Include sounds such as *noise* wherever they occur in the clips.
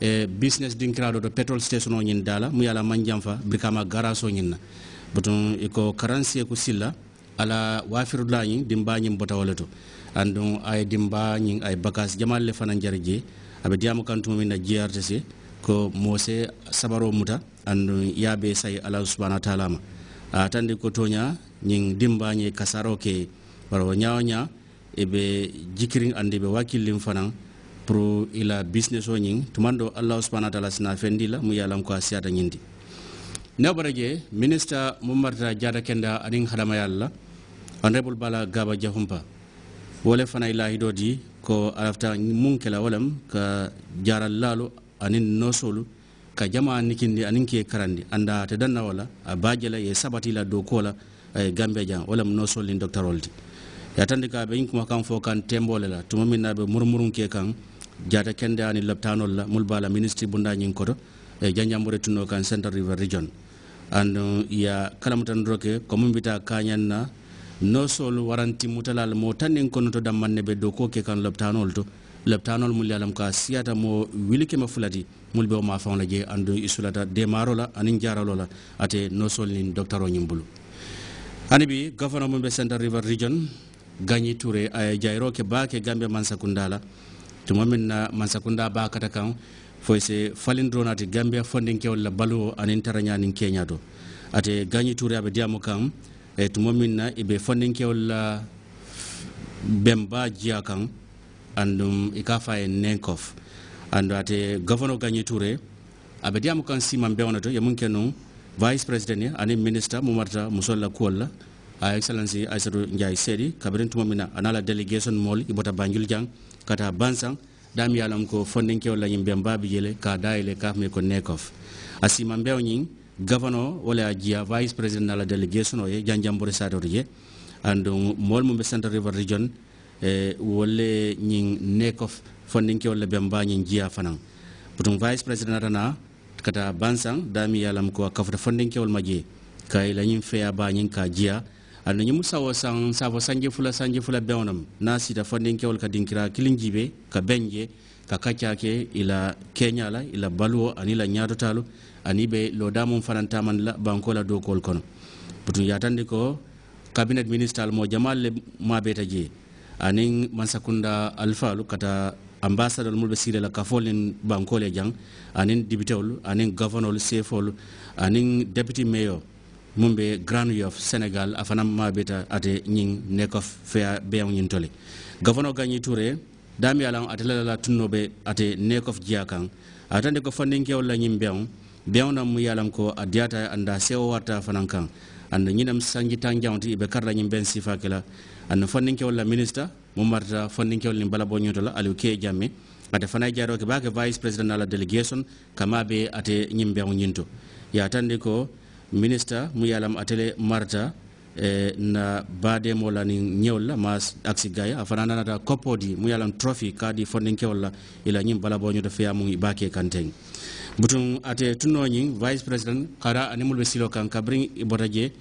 e business dinkiraɗo to pétrole station o ñin dala mu yala mandiam fa brikama garage o ñinna boton iko carencier ko silla ala wafirulañin dimbañin botawole to andon ay dimbañin ay bagage jamal le fana jara dié aɓe diyama kantumomin na jrtc ko mose sabaro muta andon yaabe sayi ala subahanahu wa taalama a tandi ko toña ñin dimbañe kasaro ke wara ñawña eɓe jikirin andi ɓe wakillin fanan pro ila business o ñing tumando allah subhanahu wa ta'ala sina fendi la mu yalam ko asiata ñindi ne barage minister mumarta jada kenda anin hadama yalla honorable bala gaba jahumpa wole fana ilahi dodi ko alafta munkela walam ka jaral lalu anin nosolu ka jama nikindi anin ke karandi anda te danna wala a bajela ye sabati la do kola ay gambe jan walam nosolin doctor oldi yatandi ka be kuma kan fo kan tembo la tuma min na be murmurun ke kan jata kende ani laptanol la mulbala ministry bunda nyin koto e janjambore tuno kan central river region and uh, ya kalamutan roke komun bita kanyan na no sol waranti mutalal mo tanin kono to dammanne be do ko ke kan laptanol to laptanol mul yalam ka siyata mo wilike ma fulati mul be ma fawn je andu isulata de marola anin la ate no sol nin docteur o nyimbulu anibi governor mo be central river region gagni touré ay jayro ke baake gambe man sakundala tuma min na mansakunda ba kata kan foy se falindironati gambia fondinkewol la baluwo anin tara ñanin keña to ate gañi touré aɓe diyamo kan e eh, tuma min na iɓe fondinkewol la bemba jiya kan andum i ka fa e nenkof andu ate gouverneur gañi touré aɓe diyamo kan siman bewna to yemun ke non vice président ye anin ministre mumarta musol la la a excellence aissatou ndiaye seedi kabirin tuma mina anala delegation mol ibota banjul jang kata bansang dam yalam ko fonden kew lañim be mbabi jele ka dayele ka me ko nekof asima mbew ñing governor wala jiya vice president nala delegation o ye janjambore sador ye andum mol mum be central river region e wolle ñing nekof fonden kew la be mbañi jiya fanan putum vice president atana kata bansang dami yalam ko kafta fonden ma maje kay lañim feya bañin ka jiya ana ñimu sawo san sabo sanje fula sanje fula bewnam na sita fo ninkewol ka dinkira kilinjibe ka benje ka kacca ke ila keña la ila baluwo ani la ñaatotalu ani be lo lodamum fanantaman la banko la dokol kono butun yatandi ko cabinet ministral mo jamal le mabeta je anin mansakunda alfalu kata ambassador mulɓe sire la kafolin bankole jang anin dibitewol anin gouvernol sefol anin deputy mayor mum be grand yof senegal afanam beta ate ñing nekof fea beyaŋ ñin tole gavano gañi touré dami alaŋ ate lalala tunno be ate nekof jiya kaŋ atande ko fandinkewol la ñin beyaŋ beyaŋ na mu yalam ko a diyata anda sewo warta fanaŋ kaŋ anda ñinam sanji tan jaŋti ibe karla ñin ben sifa ke la anda fandinkewol la ministre mu marta fandinkewol ni balabo ñoto la aliou ke jamme ate fana ke baake vice président ala délégation kama be ate ñin beyaŋ ñinto yatandi ko ministre mu yalam atele marta eh, na bade mola ni la mas aksi gaya afanana na koppo di mu yalam trophy kadi fondinkewol la ila nyim bala bonyo da fiya mu baake kanteng butun ate tunno nyi vice president kara animul silo kan kabring ibotaje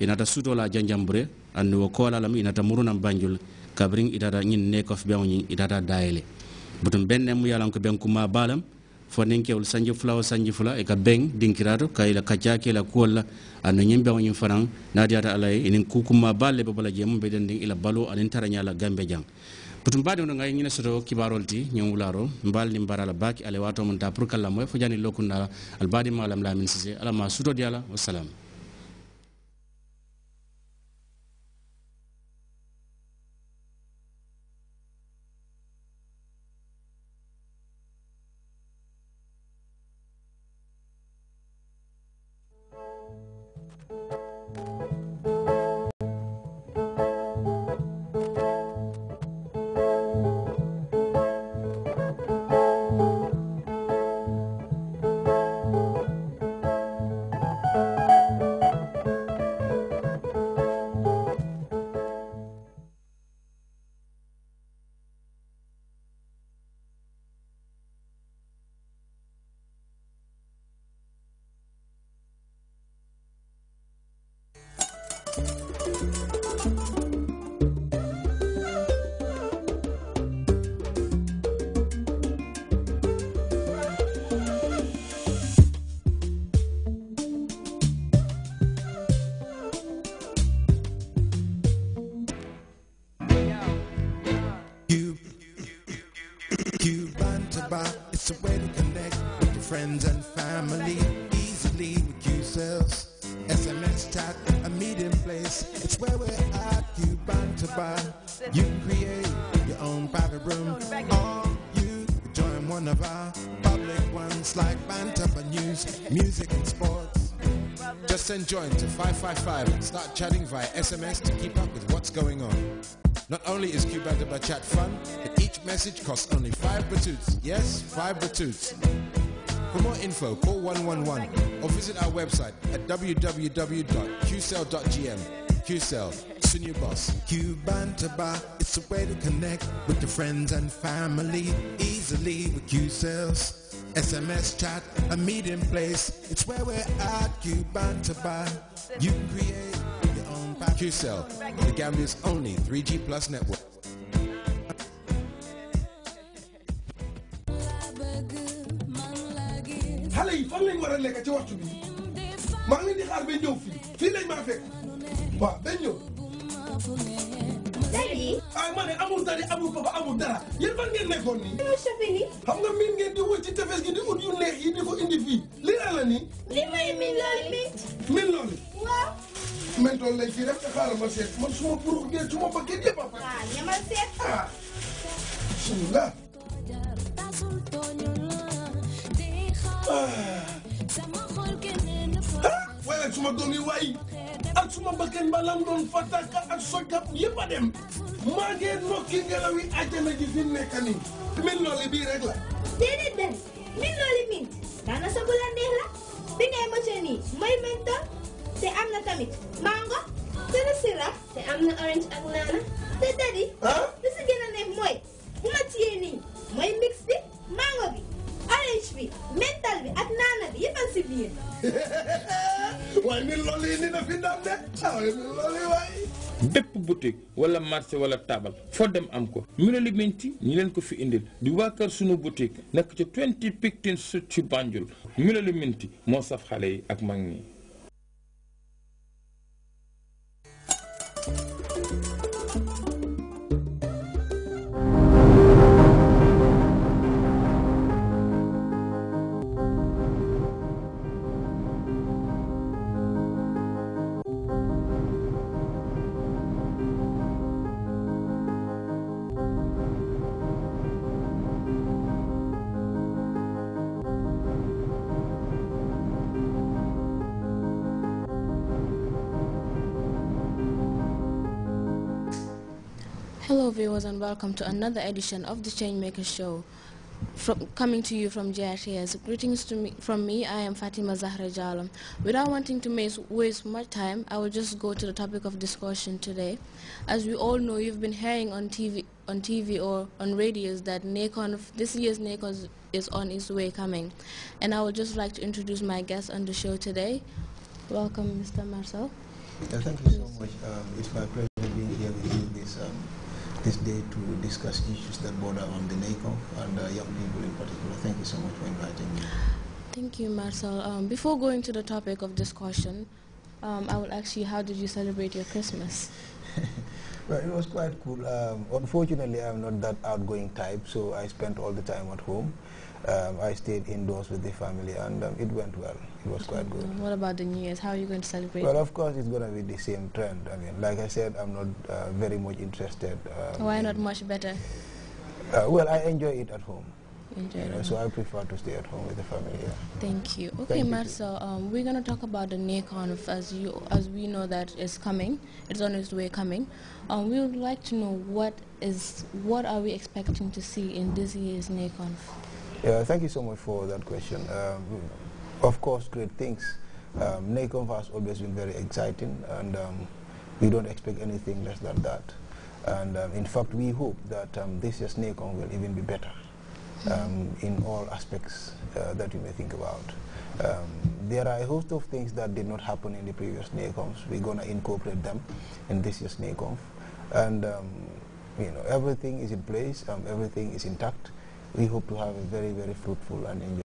inata sutola janjambre andu wo kola lam inata murunam banjul kabri itata nyin nekof ñi itata dayele butun benne mu yalam ko ben balam fonenkeol sanji fula o sanji fula e ka beŋ dinkirato ka ila kaccake ke e, la kuwol la ano ñiŋ beŋo ñiŋ fanaŋ naatiyata alla ye inin kukumma baalu le be bala jee be dendiŋ ila baloo aniŋ taraña la gambe jaŋ putum baadiŋo to ŋa ñine soto kibarol ti ñiŋ wularo mbaal niŋ bara la baake ala ye waato mun taa pour ka lamoye fo jani lokunda la albaadi maalam lamin sise ala ma suto di a la wasalamu SMS chat, a meeting place. It's where we're at, you band to buy. You create your own private room. Or you join one of our public ones like banter for news, music and sports. Just send join to 555 and start chatting via SMS to keep up with what's going on. Not only is Cuba Chat fun, but each message costs only 5 batoots. Yes, 5 batoots. For more info, call 111 or visit our website at www.qcell.gm. QCell, soon your boss. Cuban Taba, it's a way to connect with your friends and family easily with QCells. SMS chat, a meeting place. It's where we're at, Cuban Taba. You create your own QCell, the Gambia's only 3G plus network. xale yi fan lañ war a lekk ci waxtu bi maa ngi leen di xaar ba ñëw fii fii lañ ba ñëw. dadi. ah ma ne amul dadi amul papa amul dara yéen fan ngeen nekkoon nii. yow shopping yi. xam nga miin ngeen di wër ci tefes gi di ut yu yi di ko indi fii lii la la nii. li may miin loolu mi. miin loolu. waaw. mentoon lañ ciy def te xaaral a. ak suma doom yi waay ak suma bakkan ba lam doon fataka ak sojab yëpp a dem maa ngee nokki ngelaw yi ajjana ji fi nekk nii min looli bii rek la déedéet dem min looli min daana sa bu neex la bi ngay mose nii mooy mentor te am na tamit mango te na sirap te am na orange ak naana te daddy li si gën a neex mooy bépp boutique wala marché wala taabal foo dem am ko Milo Limiti ñi leen ko fi indil di waa kër sunu boutique nekk ci 20 Picton Street ci Banjul Milo Limiti moo saf xale yi ak mag ñi Hello viewers and welcome to another edition of the Changemaker Show. From, coming to you from JRTS. Greetings to me, from me, I am Fatima Zahra Jalam. Without wanting to waste much time, I will just go to the topic of discussion today. As we all know, you've been hearing on TV, on TV or on radios that NACON, this year's NACON is on its way coming. And I would just like to introduce my guest on the show today. Welcome, Mr. Marcel. Yeah, thank you so much. Um, it's my pleasure this day to discuss issues that border on the NACOF and uh, young people in particular. Thank you so much for inviting me. Thank you, Marcel. Um, before going to the topic of discussion, um, I will ask you, how did you celebrate your Christmas? *laughs* well, it was quite cool. Um, unfortunately, I'm not that outgoing type, so I spent all the time at home. Um, I stayed indoors with the family, and um, it went well. It was quite good. What about the New Year's? How are you going to celebrate? Well, of course, it's going to be the same trend. I mean, like I said, I'm not uh, very much interested. Um, Why not much better? Uh, well, I enjoy it at home. You know, so I prefer to stay at home with the family. Yeah. Thank you. Okay, Thank Marcel, um, we're going to talk about the NACONF as you as we know that it's coming. It's on its way coming. Um, we would like to know what is what are we expecting to see in this year's NACONF? Yeah, thank you so much for that question. Um, of course, great things. Um, NACOM has always been very exciting, and um, we don't expect anything less than that. And um, in fact, we hope that um, this year's NACOM will even be better um, in all aspects uh, that you may think about. there are a host of things that did not happen in the previous NACOMs. We're going to incorporate them in this year's NACOM. And, you know, everything is in place, everything is intact we hope to have a very, very fruitful and enjoyable.